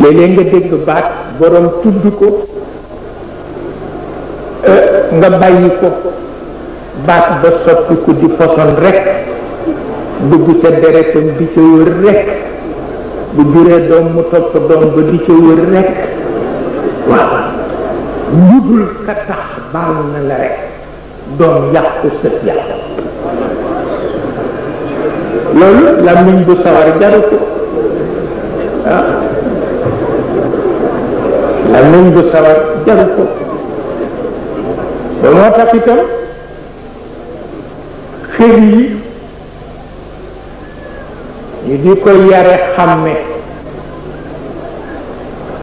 léeg-léeg nga dégg baat boroom tudd ko euh, nga bàyyi ko baat ba soppi ko di façon rek dugg ca deretam di ca wër rek bu juree doom mu topp doom ba di ca wër rek waaw lu dul ka tax baal na la rek doom yàqu sët yàqu loolu làmmiñ bu sawar jaru ko ak nañ du sabar jaru ko ba moo yi di ko yare xàmme